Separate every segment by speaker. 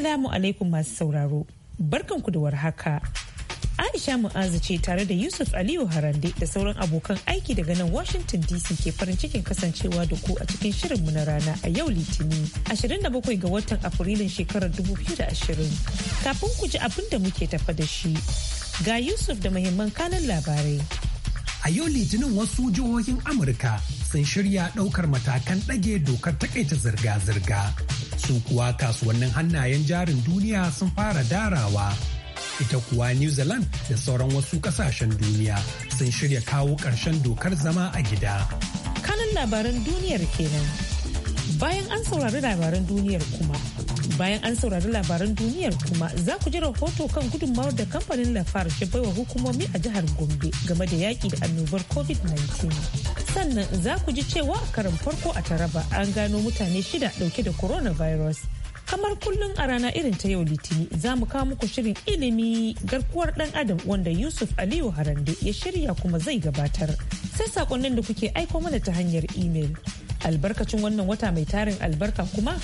Speaker 1: Assalamu alaikum masu sauraro. Barkanku da warhaka. Aisha Mu'azu ce tare da Yusuf Aliyu Harande da sauran abokan aiki daga nan Washington DC ke farin cikin kasancewa da ku a cikin shirinmu na rana a yau Litini, 27 ga watan Afrilun shekarar 2020. Kafin ku ji abin da muke tafa da shi, ga Yusuf da muhimman kanan labarai. A yau
Speaker 2: litinin wasu jihohin Amurka sun shirya ɗaukar matakan ɗage dokar takaita zirga-zirga. Su kuwa kasuwannin hannayen jarin duniya sun fara darawa. Ita kuwa New Zealand da sauran wasu ƙasashen duniya sun shirya kawo ƙarshen dokar zama a gida.
Speaker 1: Kanin labaran duniyar kenan. Bayan an saurari labaran duniyar kuma, Bayan an saurari labaran duniyar kuma za ku ji rahoto kan gudunmawar da kamfanin Lafarge baiwa hukumomi a jihar Gombe game da yaƙi da annobar COVID-19. Sannan za ku ji cewa a karan farko a Taraba an gano mutane shida dauke da coronavirus. Kamar kullum a rana irin ta yau Litini za mu kawo muku shirin ilimi garkuwar ɗan adam wanda Yusuf Aliyu Harande ya shirya kuma zai gabatar. Sai saƙonnin da kuke aiko mana ta hanyar imel. Albarkacin wannan wata mai tarin albarka kuma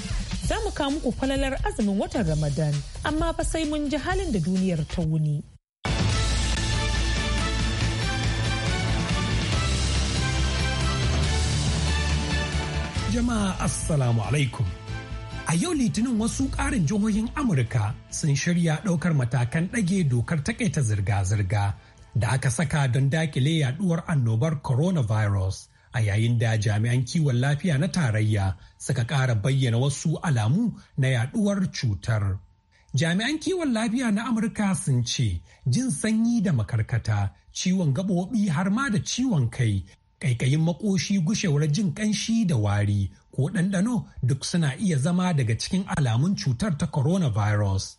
Speaker 1: za mu kawo muku falalar azumin watan Ramadan, amma fa sai mun ji halin da duniyar ta wuni.
Speaker 2: Jama'a Assalamu alaikum. A yau litinin wasu ƙarin jihohin Amurka sun shirya ɗaukar matakan ɗage dokar takaita zirga-zirga da aka saka don dakile yaduwar annobar coronavirus. a yayin da jami'an kiwon lafiya na tarayya suka ƙara bayyana wasu alamu na yaduwar cutar. Jami'an kiwon lafiya na Amurka sun ce jin sanyi da makarkata, ciwon gaɓoɓi har ma da ciwon kai, ƙaiƙayin makoshi gushewar jin ƙanshi da wari ko ɗanɗano duk suna iya zama daga cikin alamun cutar ta coronavirus.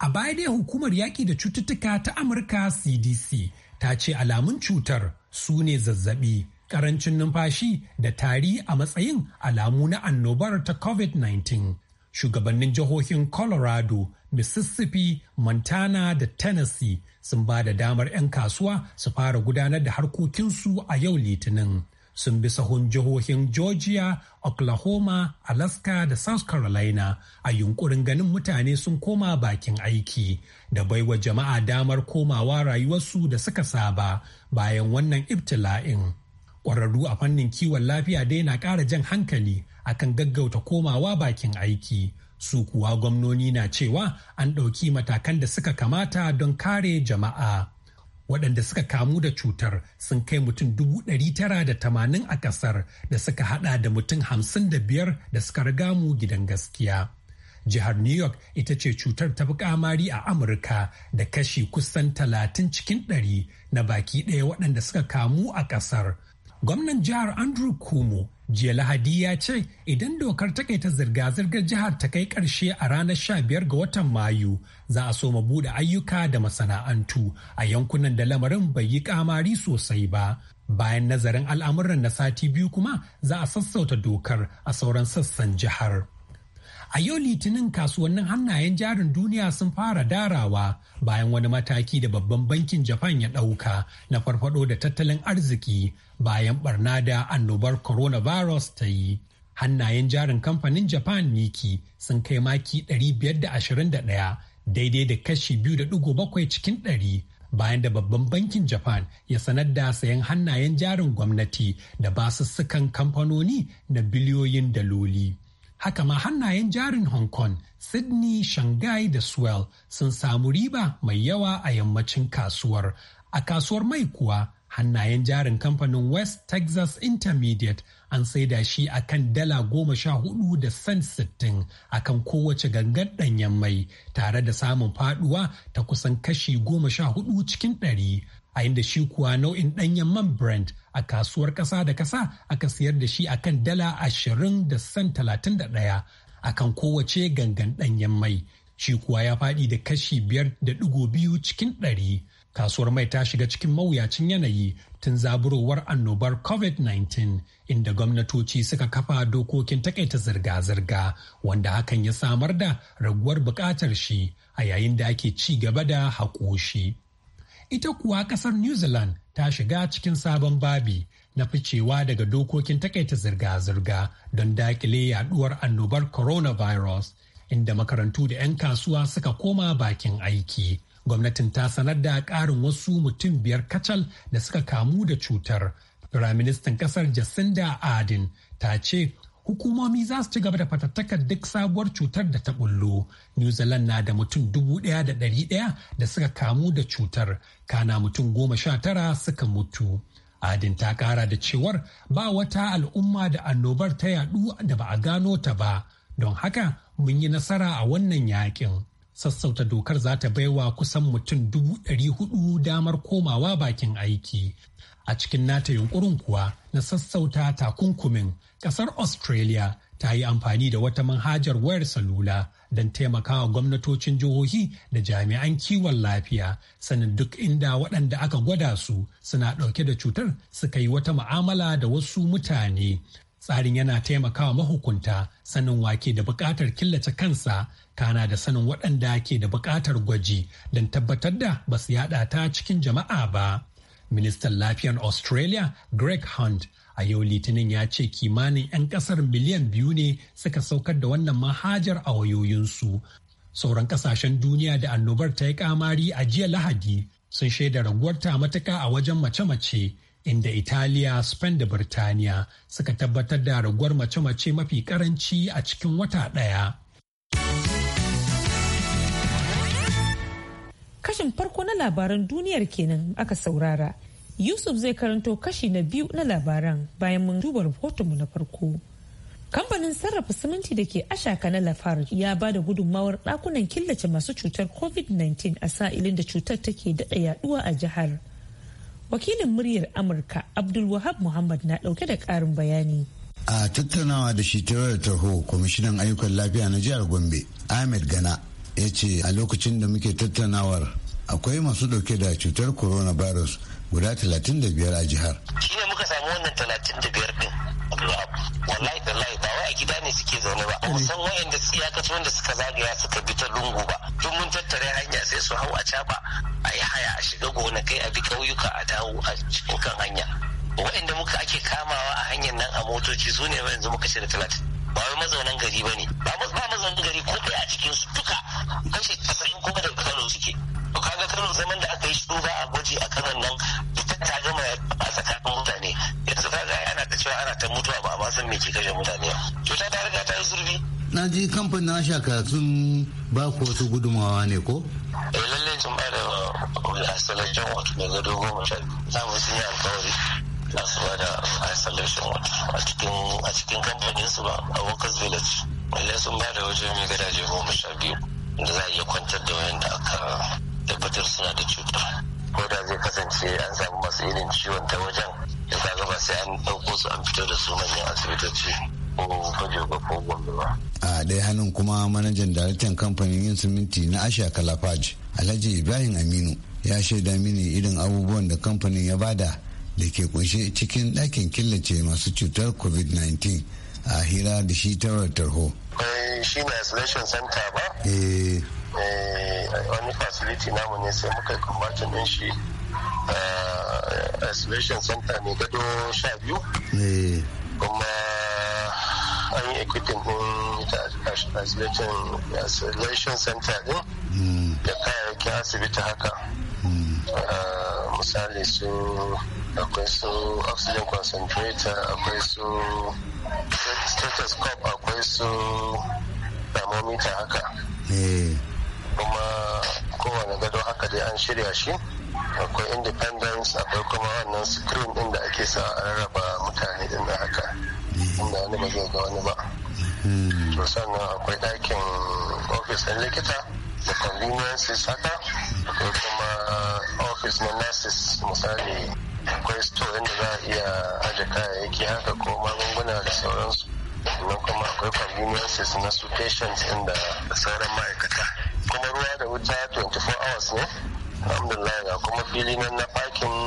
Speaker 2: A baya dai hukumar yaƙi da cututtuka ta Amurka CDC ta ce alamun cutar su ne zazzabi, karancin numfashi da tari a matsayin alamu na annobar ta covid-19 shugabannin jihohin colorado mississippi montana da tennessee sun ba da damar 'yan kasuwa su fara gudanar da harkokinsu a yau litinin sun bi sahun jihohin georgia oklahoma alaska da south carolina a yunkurin ganin mutane sun koma bakin aiki da baiwa jama'a damar komawa rayuwarsu da suka saba bayan wannan ibtila'in. Kwararru a fannin kiwon lafiya dai na ƙara jan hankali akan gaggauta komawa bakin aiki. Su kuwa gwamnoni na cewa an ɗauki matakan da suka kamata don kare jama'a. Waɗanda suka kamu da cutar sun kai mutum dubu ɗari tara da tamanin a ƙasar da suka haɗa da mutum hamsin da biyar da suka riga mu gidan gaskiya. jihar new york ita ce cutar ta fi kamari a amurka da kashi kusan talatin cikin ɗari na baki ɗaya waɗanda suka kamu a ƙasar Gwamnan jihar Andrew Kumo jiya Lahadi ya ce idan dokar takaita zirga-zirgar jihar ta kai ƙarshe a ranar 15 ga watan Mayu za a soma buɗe ayyuka da masana'antu a yankunan da lamarin bai yi kamari sosai ba. Bayan nazarin al'amuran na sati biyu kuma za a sassauta dokar a sauran sassan jihar. A yau litinin kasuwannin hannayen jarin duniya sun fara darawa bayan wani mataki da babban bankin Japan ya ɗauka na farfado da tattalin arziki bayan barna da annobar coronavirus ta yi. Hannayen jarin kamfanin Japan Niki sun kai maki 521 daidai da kashi 2.7 cikin ɗari. bayan da babban bankin japan ya sanar da sayan hannayen jarin gwamnati da basussukan kamfanoni na biliyoyin daloli. haka ma hannayen jarin Hong Kong, Sydney, Shanghai da Swell sun samu riba mai yawa a yammacin kasuwar. A kasuwar mai kuwa, hannayen jarin kamfanin West Texas Intermediate an saida shi a kan dala goma sha hudu da cent sittin a kan kowace gangar ɗanyen mai tare da samun faduwa ta kusan kashi goma sha hudu cikin ɗari a inda shi kuwa nau'in ɗanyen man Brent a kasuwar kasa da kasa aka sayar da shi a kan dala ashirin da san talatin da ɗaya a kan kowace gangan ɗanyen mai shi kuwa ya faɗi da kashi biyar da ɗigo biyu cikin ɗari kasuwar mai ta shiga cikin mawuyacin yanayi tun zaburowar annobar covid-19 inda gwamnatoci suka kafa dokokin takaita zirga-zirga wanda hakan ya samar da raguwar buƙatar shi a yayin da ake ci gaba da haƙushi. ita kuwa ƙasar new zealand ta shiga cikin sabon babi na ficewa daga dokokin takaita zirga-zirga don dakile yaduwar annobar coronavirus inda makarantu da 'yan kasuwa suka koma bakin aiki. Gwamnatin ta sanar da ƙarin wasu mutum biyar kacal da suka kamu da cutar. Firaministan ƙasar Jacinda Ardern ta ce hukumomi za su ci gaba da fatattakar duk sabuwar cutar da ta bullo. New Zealand na da mutum dubu ɗaya da ɗari ɗaya da suka kamu da cutar, kana mutum goma sha tara suka mutu. Adin ta kara da cewar ba wata al'umma da annobar ta yadu da ba a gano ta ba, don haka mun yi nasara a wannan yakin. sassauta dokar za ta baiwa kusan mutum dubu ɗari hudu damar komawa bakin aiki a cikin nata yunkurin kuwa na sassauta takunkumin ƙasar australia ta yi amfani da wata manhajar wayar salula don taimakawa gwamnatocin jihohi da jami'an kiwon lafiya sanin duk inda waɗanda aka gwada su suna ɗauke da cutar suka yi wata ma'amala da wasu mutane tsarin yana taimakawa mahukunta sanin wake da buƙatar killace kansa kana da sanin waɗanda ke da buƙatar gwaji don tabbatar da ba su yada ta cikin jama'a ba. Ministan Lafiyar Australia Greg Hunt a yau Litinin ya ce kimanin 'yan ƙasar miliyan biyu ne suka saukar da wannan mahajar a wayoyinsu. Sauran ƙasashen duniya da annobar ta yi kamari a jiya Lahadi sun shaida raguwar ta matuka a wajen mace-mace inda Italiya, Spain da Birtaniya suka tabbatar da raguwar mace-mace mafi karanci a cikin wata ɗaya.
Speaker 1: kashin farko na labaran duniyar kenan aka saurara. Yusuf zai karanto kashi na biyu na labaran bayan mun duba rahotonmu na farko. Kamfanin sarrafa siminti da ke ashaka na Lafarge ya ba da gudunmawar ɗakunan killace masu cutar COVID-19 a sa'ilin da cutar take daɗa yaɗuwa a jihar. Wakilin muryar Amurka Abdul Muhammad na ɗauke da ƙarin bayani.
Speaker 3: A tattaunawa da shi ta da taho kwamishinan ayyukan lafiya na jihar Gombe Ahmed Gana ya ce a lokacin da muke tattaunawar akwai masu dauke da cutar coronavirus guda 35 a jihar.
Speaker 4: Shi ne muka samu wannan 35 din. Wallahi da lai ba wai a gida ne suke zaune ba. Mu san wayanda su ya iyakaci wanda suka zagaya suka bi ta lungu ba. Tun mun tattare hanya sai su hau a caba a yi haya a shiga gona kai, a bi ƙauyuka a dawo a cikin kan hanya. Wayanda muka ake kamawa a hanyar nan a motoci su ne yanzu muka ce da talatin. Ba wai mazaunan gari ba ne. Ba mazaunan gari ko ɗaya a cikin su duka kashe san me ke kashe mutane cuta ta riga
Speaker 3: ta yi zurfi na ji kamfanin ashaka sun ba ku wasu gudumawa ne ko
Speaker 4: eh lallai sun ba da eh, isolation wato mai gado goma sha biyu za mu sun yi alkawari za su ba da isolation wato a cikin kamfanin su ba a workers village lallai sun ba da wajen mai gadaje goma sha biyu da za a iya kwantar da wayan da aka tabbatar suna da cutar ko da zai kasance an samu masu irin ciwon ta wajen kaga sai an ɗauko su an fito da su manyan asibitoci ko baje ko gombe ba.
Speaker 3: a ɗaya hannun kuma manajan daraktan kamfanin yin siminti na asha kalafaj alhaji ibrahim aminu ya shaida mini irin abubuwan da kamfanin ya bada da ke kunshe cikin ɗakin killace masu cutar covid-19 a hira da shi ta tarho.
Speaker 4: Eh, shi ba isolation center ba eh. Eh, wani facility namu ne sai muka yi kumbatin shi isolation center ne gado sha biyu eh. kuma an yi equipping din isolation center din hmm. da kayayyakin asibiti haka hmm. ah, misali su akwai su oxygen concentrator akwai su stethoscope akwai su thermometer haka eh. kuma kowane gado haka dai an shirya shi akwai independence akwai kuma wannan screen din da ake sa a rarraba mutane din na haka inda wani ba zai ga wani ba hmm. to sannan akwai ɗakin ofis ɗin likita da conveniences haka akwai kuma office na nurses misali akwai store inda za a iya aje kayayyaki haka ko magunguna da sauransu sannan kuma akwai conveniences na su patients inda sauran ma'aikata kuma ruwa da wuta 24 hours ne alhamdulillah ga kuma fili nan na parking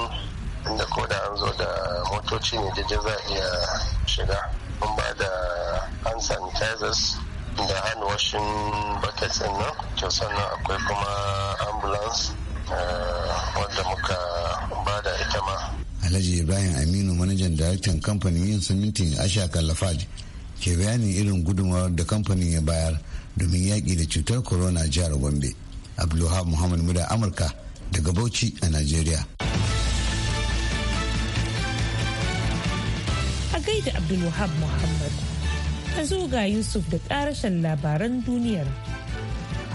Speaker 4: inda ko da an zo da motoci ne da za a iya shiga an ba da hand sanitizers da hand washing buckets din nan to sannan akwai kuma ambulance eh, wadda muka ba da ita ma alhaji ibrahim aminu
Speaker 3: manajan daraktan kamfanin yin simintin asha kallafaj ke bayanin irin gudunmawar da kamfanin ya bayar domin yaƙi da cutar corona jihar gombe abdulhab muhammad muda amurka daga Bauchi a Najeriya.
Speaker 1: A gaida Abdulwahab Muhammad, a zo ga Yusuf da ƙarashen labaran duniyar.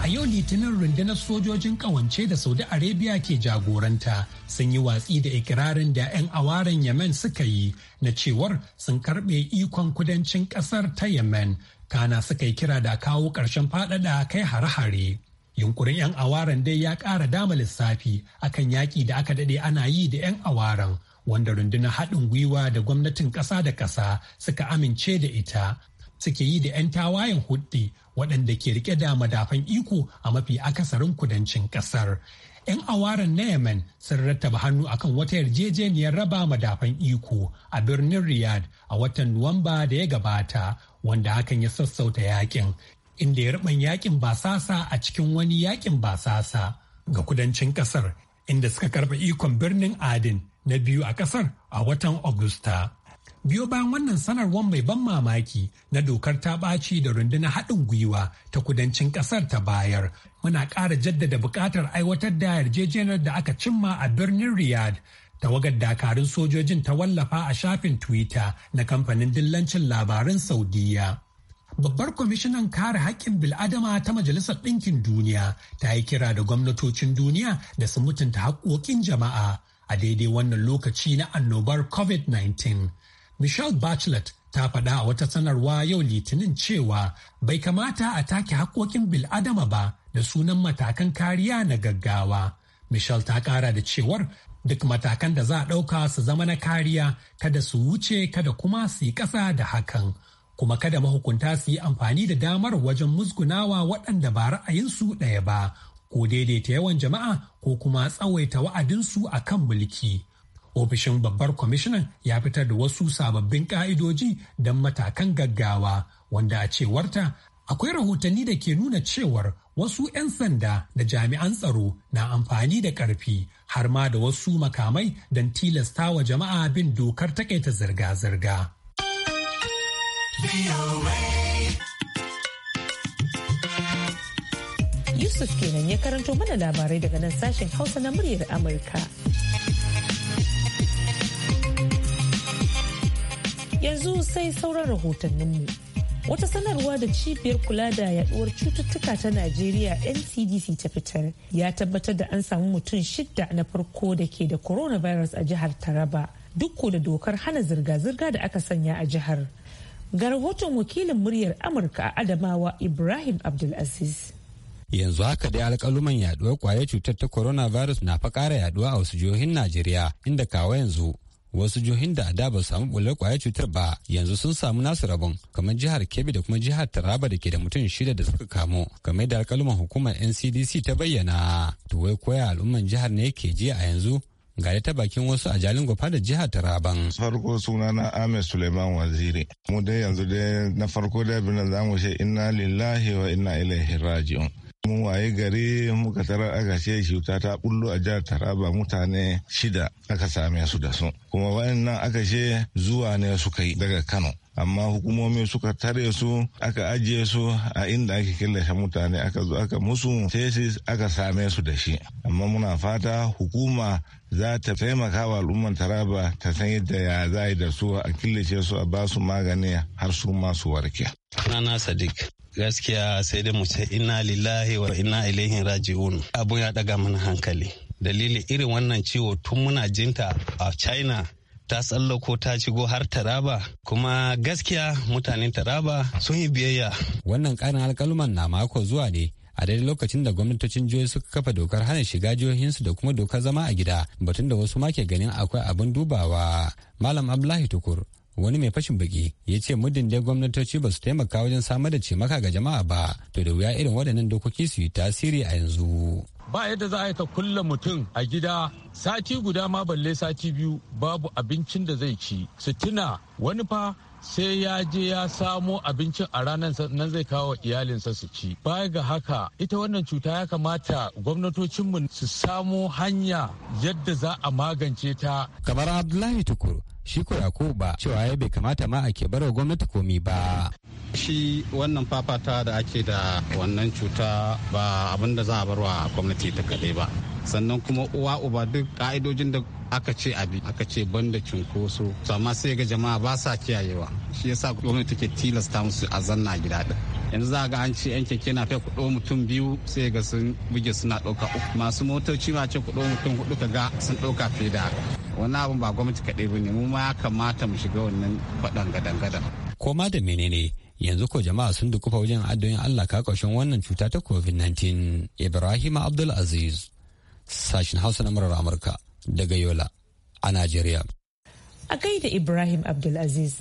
Speaker 2: A yau litinin rundunar sojojin ƙawance da Saudi Arabia ke jagoranta sun yi watsi da ikirarin da 'yan awaren Yemen suka yi na cewar sun karɓe ikon kudancin ƙasar ta Yemen, kana suka yi kira da kawo ƙarshen faɗaɗa kai hare-hare. yunkurin 'yan awaran dai ya ƙara dama lissafi akan yaƙi da aka daɗe ana yi da 'yan awaran wanda rundunar haɗin gwiwa da gwamnatin ƙasa da ƙasa suka amince da ita suke yi da 'yan tawayen hudu waɗanda ke rike da madafan iko a mafi akasarin kudancin ƙasar. 'Yan awaran na Yemen sun rattaba hannu akan wata yarjejeniyar raba madafan iko a birnin Riyadh a watan Nuwamba da ya gabata wanda hakan ya sassauta yakin inda ya ruban yakin basasa a cikin wani yakin basasa ga kudancin kasar inda suka karba ikon birnin adin na biyu a kasar a watan Agusta. Biyo bayan wannan sanarwar mai ban mamaki na dokar ta ɓaci da rundunar haɗin gwiwa ta kudancin ƙasar ta bayar, muna ƙara jaddada buƙatar aiwatar da yarjejeniyar da aka cimma a birnin Riyadh. Tawagar dakarun sojojin ta wallafa a shafin Twitter na kamfanin dillancin labarin Saudiyya. Babbar kwamishinan kare haƙƙin bil'adama ta Majalisar Ɗinkin Duniya ta yi kira da gwamnatocin duniya da su mutunta haƙƙoƙin jama'a a daidai wannan lokaci na annobar COVID-19. Michelle Bachelet ta faɗa a wata sanarwa yau litinin cewa bai kamata a take haƙƙoƙin bil'adama ba da sunan matakan kariya na gaggawa. Michelle ta ƙara da cewar duk matakan da za a ɗauka su zama na kariya kada su wuce kada kuma su yi ƙasa da hakan. kuma kada mahukunta su yi amfani da damar wajen musgunawa waɗanda ba ra'ayinsu ɗaya ba ko daidaita yawan jama'a ko kuma tsawaita wa'adinsu a kan mulki. Ofishin babbar kwamishinan ya fitar da wasu sababbin ƙa'idoji don matakan gaggawa wanda a cewarta akwai rahotanni da ke nuna cewar wasu 'yan sanda da jami'an tsaro na amfani da ƙarfi har ma da wasu makamai don tilasta wa jama'a bin dokar takaita zirga-zirga.
Speaker 1: Yusuf kenan ya karanto mana labarai daga nan sashen Hausa na muryar Amurka. Yanzu sai sauran rahotanninmu. Wata sanarwa da cibiyar kula da yaduwar cututtuka ta Najeriya NCDC ta fitar ya tabbatar da an samu mutum shidda na farko da ke da coronavirus a jihar Taraba. duk da dokar hana zirga-zirga da aka sanya a jihar. ga rahoton wakilin muryar amurka a adamawa ibrahim abdulaziz
Speaker 3: yanzu haka dai alkaluman yaduwar kwayar cutar ta coronavirus na fa yaduwa a wasu jihohin najeriya inda kawo yanzu wasu jihohin da da ba samu bular kwayar cutar ba yanzu sun samu nasu rabon kamar jihar kebbi da kuma jihar taraba da ke da mutum shida da suka kamu kamar da alkaluman hukumar ncdc ta bayyana to wai koya al'umman jihar ne ke ji a yanzu ga ta bakin wasu a jalin gwafa da jihar Taraban.
Speaker 5: Farko suna na Ahmed Suleiman Waziri. Mu dai yanzu dai na farko dai abin da zamu ce ina lillahi wa inna ilaihi raji'un. Mun waye gari muka tarar aka ce cuta ta bullo a jihar Taraba mutane shida aka same su da su. Kuma wayannan aka ce zuwa ne suka yi daga Kano. amma hukumomi suka tare su aka ajiye su a inda ake killace mutane aka zo aka musu tesis aka same su da shi amma muna fata hukuma za ta taimaka wa al'ummar taraba ta san yadda ya za yi da su a killace su a basu magani har su masu warke.
Speaker 3: Rana Sadiq gaskiya sai dai mu ce inna lillahi wa inna ilaihi raji'un abun ya daga mana hankali dalili irin wannan ciwo tun muna jinta a China ta tsallako ta shigo har taraba kuma gaskiya mutanen taraba sun yi biyayya wannan karin alkaluman na mako zuwa ne a daidai lokacin da gwamnatocin jihohi suka kafa dokar hana shiga jihohinsu da kuma dokar zama a gida batun da wasu ma ke ganin akwai abin dubawa malam abdullahi tukur wani mai fashin baki ya ce muddin dai gwamnatoci ba su taimaka wajen samar da cimaka ga jama'a ba to da wuya irin waɗannan dokoki su yi tasiri a yanzu ba yadda za a yi ka kulle mutum a gida sati guda ma balle sati biyu babu abincin da zai ci su tuna wani fa sai ya je ya samo abincin a ranar nan zai kawo iyalinsa su ci baya ga haka ita wannan cuta ya kamata gwamnatocinmu su samo hanya yadda za a magance ta kamar abdullahi tukuru shi ko ba cewa ya bai kamata ma a ke barwa gwamnati komi ba shi wannan fafata da ake da wannan cuta ba abin da za a barwa gwamnati ta kaɗai ba sannan kuma uwa uba duk ka'idojin da aka ce abi aka ce banda cunkoso amma sai ga jama'a ba sa kiyayewa shi yasa gwamnati take tilasta musu a zanna gida din yanzu za ga an ce yan keke na fai kudo mutum biyu sai ga sun buge suna ɗauka uku masu motoci ma ce kudo mutum hudu ka ga sun ɗauka fiye da haka wannan abin ba gwamnati kaɗai ba ne mu ma ya kamata mu shiga wannan faɗan gadan-gadan. koma da menene yanzu ko jama'a sun dukufa wajen addu'in Allah ka kakashin wannan cuta ta covid-19 ibrahim abdul aziz sashin hausa na murar amurka daga yola a najeriya
Speaker 1: a gaida ibrahim abdul aziz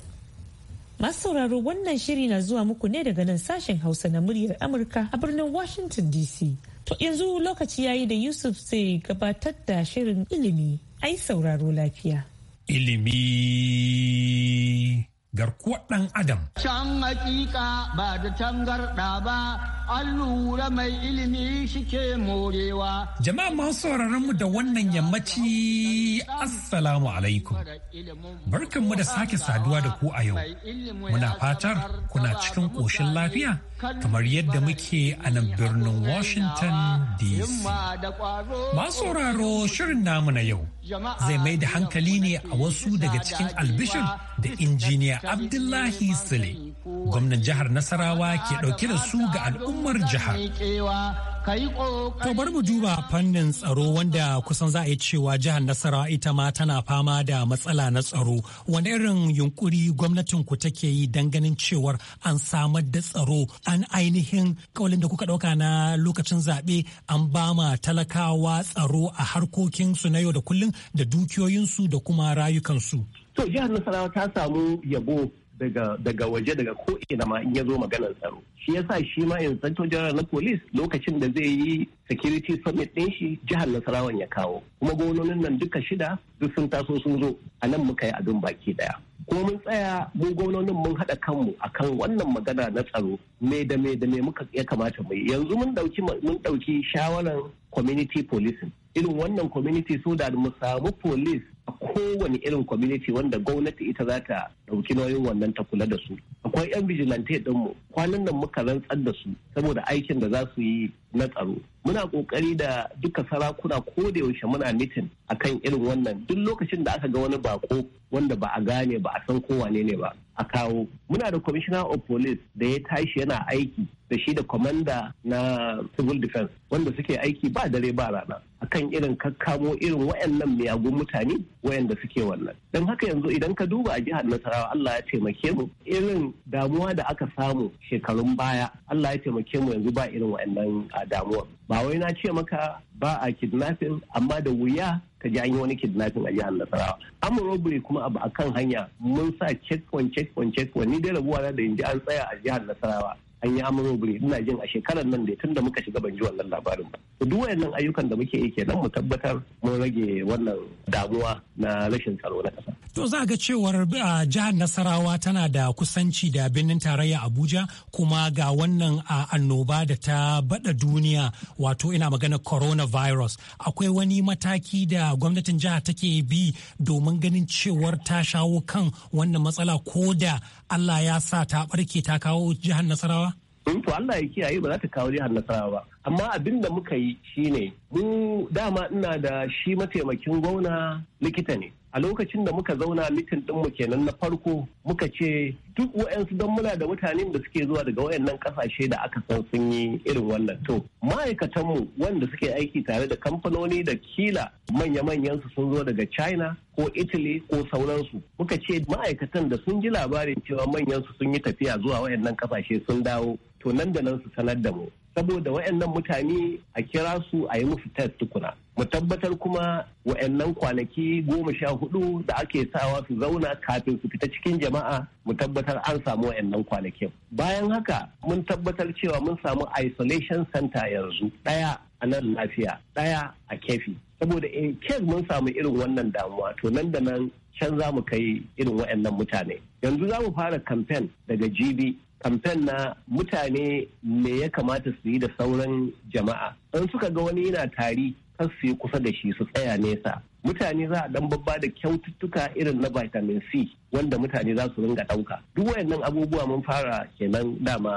Speaker 1: Masu sauraro wannan shiri na zuwa muku ne daga nan sashen Hausa na muryar Amurka a birnin Washington DC. To yanzu lokaci ya yi da Yusuf zai gabatar da shirin ilimi. Ai sauraro lafiya.
Speaker 2: Ilimi garkuwar ɗan Adam.
Speaker 1: Can hakika ba da tangarɗa
Speaker 3: ba an lura mai ilimi shike morewa.
Speaker 2: Jama'a masu sauraron mu da wannan yammaci Assalamu alaikum. Barkan mu da sake saduwa da ku a yau. Muna fatar kuna cikin ƙoshin lafiya kamar yadda muke a nan birnin Washington DC. Masu sauraro shirin namu na yau. Zai mai da hankali ne a wasu daga cikin albishir da injiniya Abdullahi Sule. Gwamnan jihar Nasarawa ke ɗauke da su ga al'umma al'ummar jihar. To bar mu duba fannin tsaro wanda kusan za a yi cewa jihar Nasarawa ita ma tana fama da matsala na tsaro. Wani irin yunkuri gwamnatin ku take yi don ganin cewar an samar da tsaro an ainihin kawalin da kuka ɗauka na lokacin zaɓe an ba ma talakawa tsaro a harkokinsu na yau da kullum da dukiyoyinsu da kuma rayukansu. To jihar Nasarawa
Speaker 6: ta samu yabo daga waje daga ko ina ma in ya zo maganar tsaro shi yasa shi ma inspector jihar na police lokacin da zai yi security summit din shi jihar nasarawan ya kawo kuma gononin nan duka shida duk sun taso sun zo a nan muka yi abin baki daya kuma mun tsaya mu gononin mun haɗa kanmu akan wannan magana na tsaro me da me da me muka ya kamata mu yanzu mun dauki mun dauki shawaran community policing irin wannan community so da mu samu police kowane irin community wanda gwamnati ita za ta ɗauki nauyin wannan ta kula da su akwai yan vigilante ɗinmu kwanan nan muka rantsar da su saboda aikin da za su yi na tsaro muna kokari da duka sarakuna ko da yaushe muna mitin akan irin wannan duk lokacin da aka ga wani bako wanda ba a gane ba a san ko wane ne ba a kawo muna da commissioner of police da ya tashi yana aiki da shi da commander na civil defense wanda suke aiki ba dare ba rana kan irin kakkamo irin wayannan miyagun mutane wayanda suke wannan don haka yanzu idan ka duba a jihar nasarawa Allah ya taimake mu irin damuwa da aka samu shekarun baya Allah ya taimake mu yanzu ba irin wayannan damuwa ba wai na ce maka ba a kidnapping amma da wuya ka ji an yi wani kidnapping a jihar Nasarawa. robbery kuma abu a kan hanya mun sa checkpoint checkpoint checkpoint ni dai rabuwa na da in ji an tsaya a jihar Nasarawa. an yi amuro ina jin a shekarar nan ne tunda muka shiga ban wannan labarin ba duk wayannan ayyukan da muke yi kenan mu tabbatar mun rage wannan damuwa na rashin tsaro na kasa
Speaker 2: to za ga cewar jihar Nasarawa tana da kusanci da birnin tarayya Abuja kuma ga wannan a annoba da ta bada duniya wato ina magana coronavirus akwai wani mataki da gwamnatin jiha take bi domin ganin cewar ta shawo kan wannan matsala ko da Allah ya sa ta barke ta kawo jihar Nasarawa? in
Speaker 6: to Allah ya kiyaye ba za ta kawo jihar nasarawa ba amma abin da muka yi shine mu dama ina da shi mataimakin gwamna likita ne a lokacin da muka zauna mitin ɗinmu kenan na farko muka ce duk wa'yansu don muna da mutanen da suke zuwa daga wayannan kasashe da aka san sun yi irin wannan to ma'aikatanmu wanda suke aiki tare da kamfanoni da kila manya-manyan su sun zo daga china ko italy ko sauransu muka ce ma'aikatan da sun ji labarin cewa manyan su sun yi tafiya zuwa wayannan kasashe sun dawo to nan da nan su sanar da mu saboda wayannan mutane a kira su a yi musu test tukuna mu tabbatar kuma wa'annan kwanaki goma sha hudu da ake sawa su zauna kafin su fita cikin jama'a mu tabbatar an samu wa'annan kwanakin bayan haka mun tabbatar cewa mun samu isolation center yanzu daya a nan lafiya daya a kefi saboda in kek mun samu irin wannan damuwa to nan da nan can za mu kai irin wa'annan mutane yanzu za mu fara kamfen daga gb kamfen na mutane me ya kamata su yi da sauran jama'a in suka ga wani yana tari kar kusa da shi su tsaya nesa mutane za a dan babba da kyaututtuka irin na vitamin C wanda mutane za su ringa ɗauka. Duk wayannan abubuwa mun fara kenan dama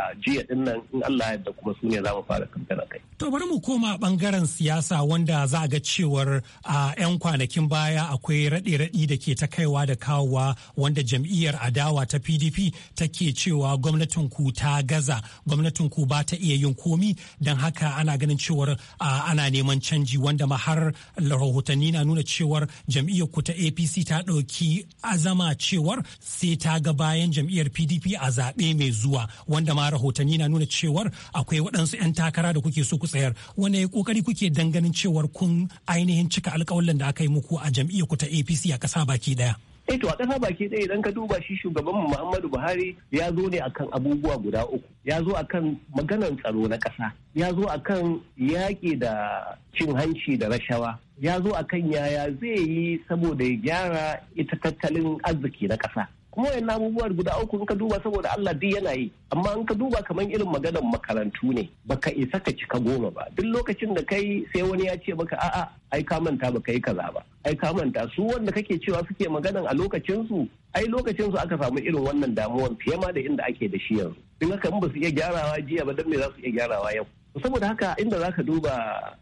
Speaker 6: a jiya din nan in Allah yadda kuma su ne za mu fara kamfen kai.
Speaker 2: To bari mu koma bangaren siyasa wanda za a ga cewar a 'yan kwanakin baya akwai raɗe-raɗi da ke ta kaiwa da kawowa wanda jam'iyyar adawa ta PDP take cewa gwamnatin ku ta gaza gwamnatin ku ba ta iya yin komi don haka ana ganin cewar ana neman canji wanda ma har rahotanni rahotanni na nuna cewar jam'iyyar ku ta apc ta ɗauki azama cewar sai ta ga bayan jam'iyyar pdp a zaɓe mai zuwa wanda ma rahotanni na nuna cewar akwai waɗansu 'yan takara da kuke so ku tsayar wane kokari kuke danganin cewar kun ainihin cika alƙawalin da aka yi muku a jam'iyyar ku ta apc a ƙasa baki ɗaya
Speaker 6: eh to a ƙasa baki ɗaya idan ka duba shi shugaban Muhammadu Buhari ya zo ne akan abubuwa guda uku ya zo akan maganan tsaro na ƙasa ya zo akan yaƙi da cin hanci da rashawa ya zo akan yaya zai yi saboda ya gyara ita tattalin arziki na ƙasa kuma yana abubuwa guda uku in ka duba saboda Allah duk yana yi amma in ka duba kamar irin maganar makarantu ne baka isa ka cika goma ba duk lokacin da kai sai wani ya ce maka a'a ai ka manta ka yi kaza ba ai ka manta su wanda kake cewa suke magana a lokacin su ai lokacin su aka samu irin wannan damuwar fiye ma da inda ake da shi yanzu in haka in ba su iya gyarawa jiya ba dan me za su iya gyarawa yau saboda haka inda za ka duba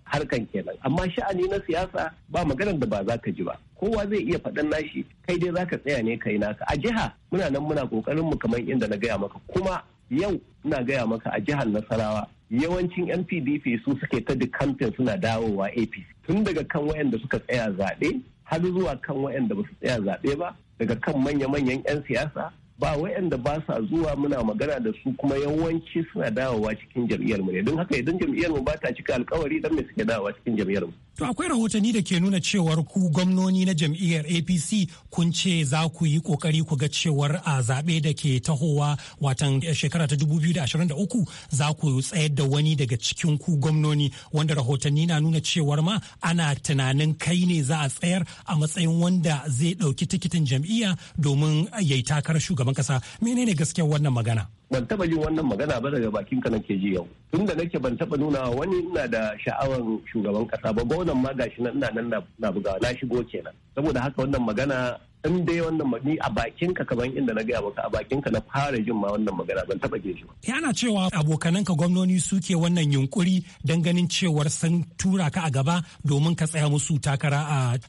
Speaker 6: harkan kenan amma sha'ani na siyasa ba maganar da ba za ka ji ba kowa zai iya faɗan nashi kai dai zaka tsaya ne kai naka a jiha muna nan muna kokarin mu kamar inda na gaya maka kuma yau ina gaya maka a jihar nasarawa yawancin npdp su suke ta duk kamfen suna dawowa apc tun daga kan wayanda suka tsaya zaɓe har zuwa kan wayanda ba su tsaya zaɓe ba daga kan manya-manyan 'yan siyasa ba wayanda ba sa zuwa muna magana da su kuma yawanci suna dawowa cikin jam'iyyar mu ne don haka idan jam'iyyar mu ba ta cika alkawari dan me suke dawowa cikin jam'iyyar mu
Speaker 2: To akwai rahotanni da ke nuna cewar ku gwamnoni na jam'iyyar APC kun ce za ku yi kokari ku ga cewar a zaɓe da ke tahowa watan eh, shekara ta 2023 za ku tsayar da wani daga cikin ku gwamnoni wanda rahotanni na nuna cewar ma ana tunanin kai ne za a tsayar a matsayin wanda zai ɗauki tikitin jam'iyya domin eh, yayi takarar shugaban ƙasa. Menene gaskiyar wannan magana?
Speaker 6: ban taba jin wannan magana ba daga bakin ka nake ji yau tun da nake ban taba nuna wani ina da sha'awar shugaban kasa ba gwamnan ma gashi nan ina nan na bugawa na shigo kenan saboda haka wannan magana in dai wannan ni a bakin ka kaman inda na gaya maka a bakin ka na fara jin ma wannan magana ban taba ji shi ba
Speaker 2: yana cewa abokanan ka gwamnoni suke wannan yunkuri dan ganin cewar sun tura ka a gaba domin ka tsaya musu takara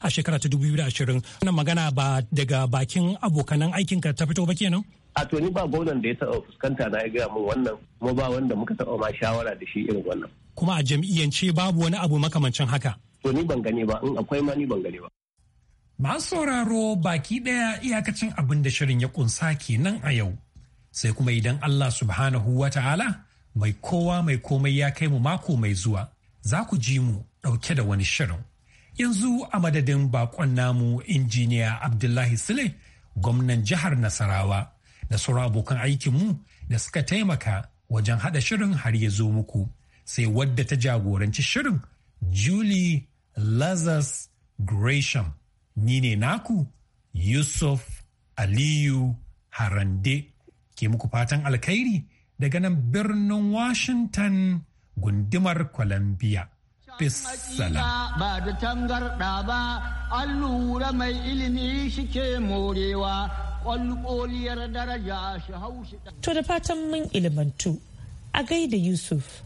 Speaker 2: a shekara ta 2020 wannan magana ba daga bakin abokanan aikin ka ta fito ba kenan
Speaker 6: a to ni ba gwamnan da ya taba fuskanta na ya gaya min wannan kuma ba wanda muka taba ma shawara da shi irin wannan
Speaker 2: kuma a jam'iyyance babu wani abu makamancin haka to ni ban gani ba in akwai ma ni ban gani ba Masu sauraro baki ɗaya iyakacin abin da shirin ya kunsa kenan a yau, sai kuma idan Allah subhanahu wa ta'ala mai kowa mai komai ya kai mu mako mai zuwa, za ku ji mu ɗauke da wani shirin. Yanzu a madadin bakon namu injiniya Abdullahi Sule, gwamnan jihar Nasarawa, da sauran abokan aikinmu da suka taimaka wajen haɗa shirin har ya zo muku, sai wadda ta jagoranci shirin Julie Lazarus Gresham. Ni ne naku Yusuf Aliyu Harande ke muku fatan alkhairi daga nan birnin Washington gundumar Columbia. Bissalam.
Speaker 3: Ba da tangarɗa ba, an lura mai ilimi shike morewa,
Speaker 6: ƙwalƙoliyar daraja shi haushi.
Speaker 1: To da fatan mun ilimantu, a gaida Yusuf.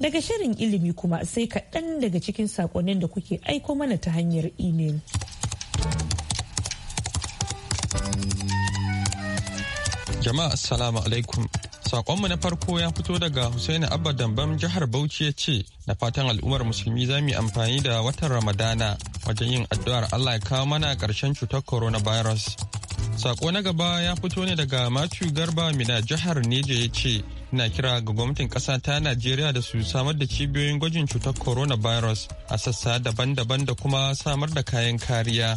Speaker 1: Daga shirin ilimi kuma sai kaɗan daga cikin saƙonin da kuke aiko mana ta hanyar imel.
Speaker 7: Jama'a Assalamu alaikum. Sakonmu na farko ya fito daga husaini Abba Dambam jihar Bauchi ya ce, na fatan al'ummar musulmi za mu yi amfani da watan Ramadana wajen yin addu'ar Allah ya kawo mana ƙarshen cutar coronavirus. Sako na gaba ya fito ne daga Matthew Garba Mina jihar Neja ya ce, na kira ga gwamnatin ƙasa ta najeriya da su samar da cibiyoyin gwajin cutar coronavirus a sassa daban-daban da kuma samar da kayan kariya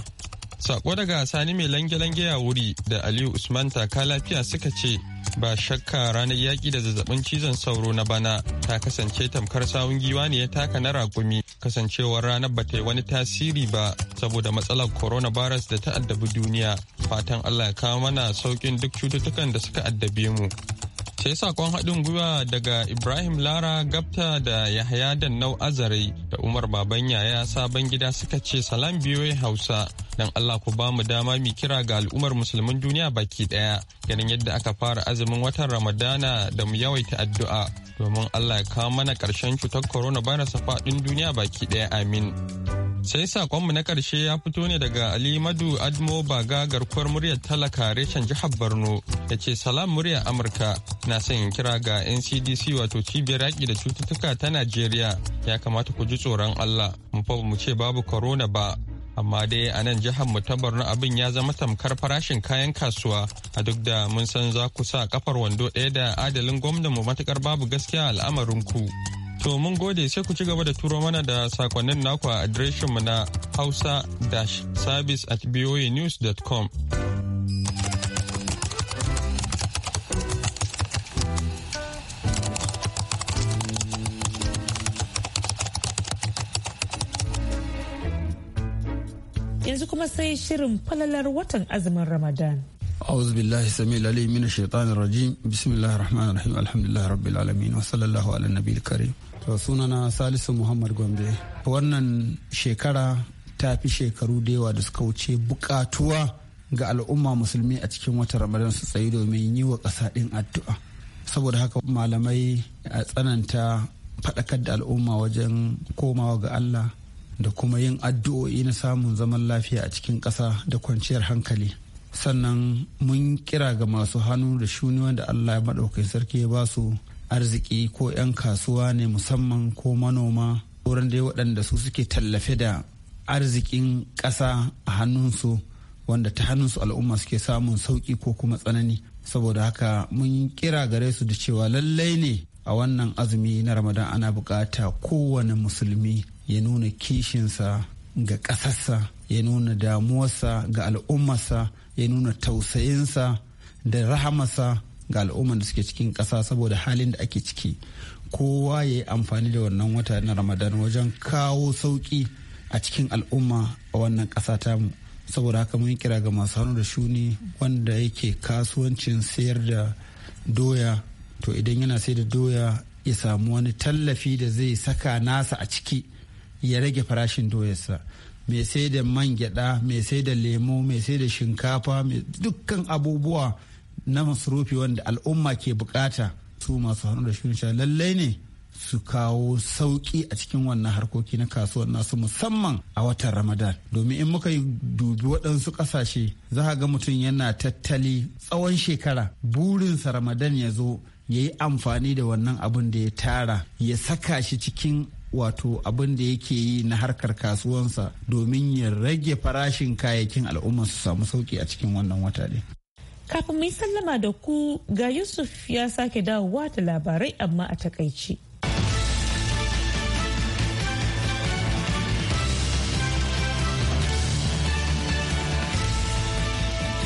Speaker 7: sako daga sani mai lange-lange a wuri da aliyu usman taka lafiya suka ce ba shakka ranar yaƙi da zazzabin cizon sauro na bana ta kasance tamkar sawun giwa ne ya taka na rakumi kasancewar ranar ba ta yi wani tasiri ba saboda matsalar coronavirus da ta addabi duniya fatan allah ya kawo mana saukin duk cututtukan da suka addabe mu sai sakon haɗin gwiwa daga ibrahim lara gabta da yahaya dannau azare da umar baban yaya sabon gida suka ce salam biyoyi hausa don allah ku ba mu dama mi kira ga al'ummar musulmin duniya baki ɗaya ganin yadda aka fara azumin watan ramadana da mu yawaita addu'a domin allah ya kawo mana ƙarshen cutar coronavirus faɗin duniya baki ɗaya amin Sai sakonmu na ƙarshe ya fito ne daga Ali Madu Admo Baga garkuwar muryar talaka reshen jihar Borno ya ce salam muryar Amurka na son kira ga NCDC wato cibiyar yaƙi da cututtuka ta Najeriya ya kamata ku ji tsoron Allah mu fa mu ce babu korona ba amma dai a nan jihar mu ta Borno abin ya zama tamkar farashin kayan kasuwa a duk da mun san za ku sa kafar wando ɗaya da adalin gwamnan mu matukar babu gaskiya al'amarin ku. To mun gode sai ku ci gaba da turo mana da sakonnin naku a adireshinmu na hausa-service at com.
Speaker 1: Yanzu kuma sai shirin falalar watan azumin Ramadan.
Speaker 5: أعوذ بالله السميع العليم من الشيطان الرجيم بسم الله الرحمن الرحيم الحمد لله رب العالمين وصلى الله على النبي الكريم To sunana Salisu Muhammad Gombe. Wannan shekara ta fi shekaru da yawa da suka wuce bukatuwa ga al'umma musulmi a cikin wata Ramadan su tsayi domin yi wa ƙasa ɗin addu'a. Saboda haka malamai a tsananta faɗakar da al'umma wajen komawa ga Allah da kuma yin addu'o'i na samun zaman lafiya a cikin ƙasa da kwanciyar hankali. Sannan mun kira ga masu hannu da shuni wanda Allah ya maɗaukai sarki ya ba su arziki ko 'yan kasuwa ne musamman ko manoma wurin dai waɗanda su suke tallafe da arzikin ƙasa a hannunsu wanda ta hannunsu al'umma suke samun sauki ko kuma tsanani saboda haka mun kira gare su da cewa lallai ne a wannan azumi na ramadan ana buƙata kowane musulmi ya nuna kishinsa ga ƙasarsa ya nuna damuwarsa ga al'ummarsa ya nuna tausayinsa da rahamarsa ga al'umman da suke cikin ƙasa saboda halin da ake ciki kowa ya yi amfani da wannan wata na ramadan wajen kawo sauƙi a cikin al'umma a wannan ƙasa tamu saboda haka mun kira ga masu hannu da shuni wanda yake kasuwancin sayar da doya to idan yana sai da doya ya samu wani tallafi da zai saka nasa a ciki ya rage farashin doyarsa mai sai da man gyada mai sai da lemo mai sai da shinkafa dukkan abubuwa na masarufi wanda al'umma ke bukata su masu hannu da shirin lallai ne su kawo sauƙi a cikin wannan harkoki na kasuwar nasu musamman a watan ramadan domin in muka yi dubi waɗansu ƙasashe za ga mutum yana tattali tsawon shekara burinsa ramadan ya zo ya yi amfani da wannan abin da ya tara ya saka shi cikin wato abin da yake yi na harkar kasuwansa domin ya rage farashin kayayyakin al'umma su samu sauƙi a cikin wannan wata ne.
Speaker 1: Kafin mu yi sallama da ku ga Yusuf ya sake dawowa da labarai amma a takaici.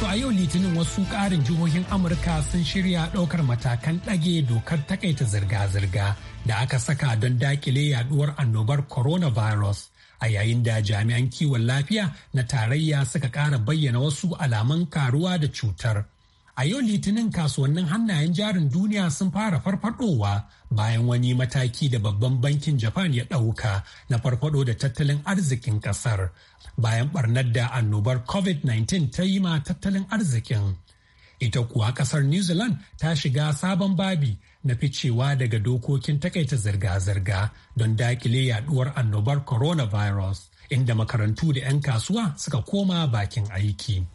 Speaker 1: a yau litinin
Speaker 2: wasu ƙarin jihohin amurka sun shirya ɗaukar matakan ɗage dokar takaita zirga-zirga da aka saka don dakile yaduwar annobar coronavirus a yayin da jami'an kiwon lafiya na tarayya suka ƙara bayyana wasu alaman karuwa da cutar A yau litinin kasuwannin hannayen jarin duniya sun fara farfadowa bayan wani mataki da babban bankin Japan ya ɗauka na farfado da tattalin arzikin ƙasar bayan barnar da annobar COVID-19 ta yi ma tattalin arzikin. Ita kuwa ƙasar New Zealand ta shiga sabon babi na ficewa daga dokokin takaita zirga-zirga don dakile yaduwar annobar coronavirus inda makarantu da 'yan kasuwa suka koma bakin aiki.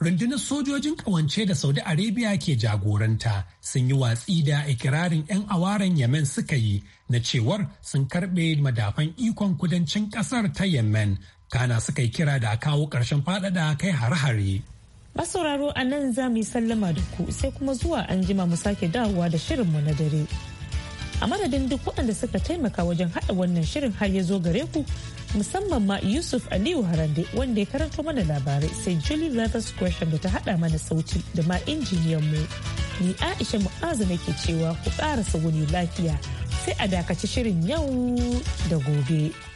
Speaker 2: rundunar sojojin kawance da saudi arabia ke jagoranta sun yi watsi da ikirarin 'yan awaran yemen suka yi na cewar sun karbe madafan ikon kudancin kasar ta yemen kana suka yi kira da kawo karshen fadada kai har-hare
Speaker 1: masauraro a nan za mu yi sallama da ku sai kuma zuwa an jima mu sake dawowa da shirinmu na dare a madadin duk waɗanda suka taimaka wajen haɗa wannan shirin har ya zo gare ku musamman ma Yusuf Aliyu Harande wanda ya karanto mana labarai sai Julie Leathers Gresham da ta haɗa mana sauti da ma injiniyan mu. Ni Aisha Mu'azu nake cewa ku ƙara wuni lafiya sai a dakaci shirin yau da gobe.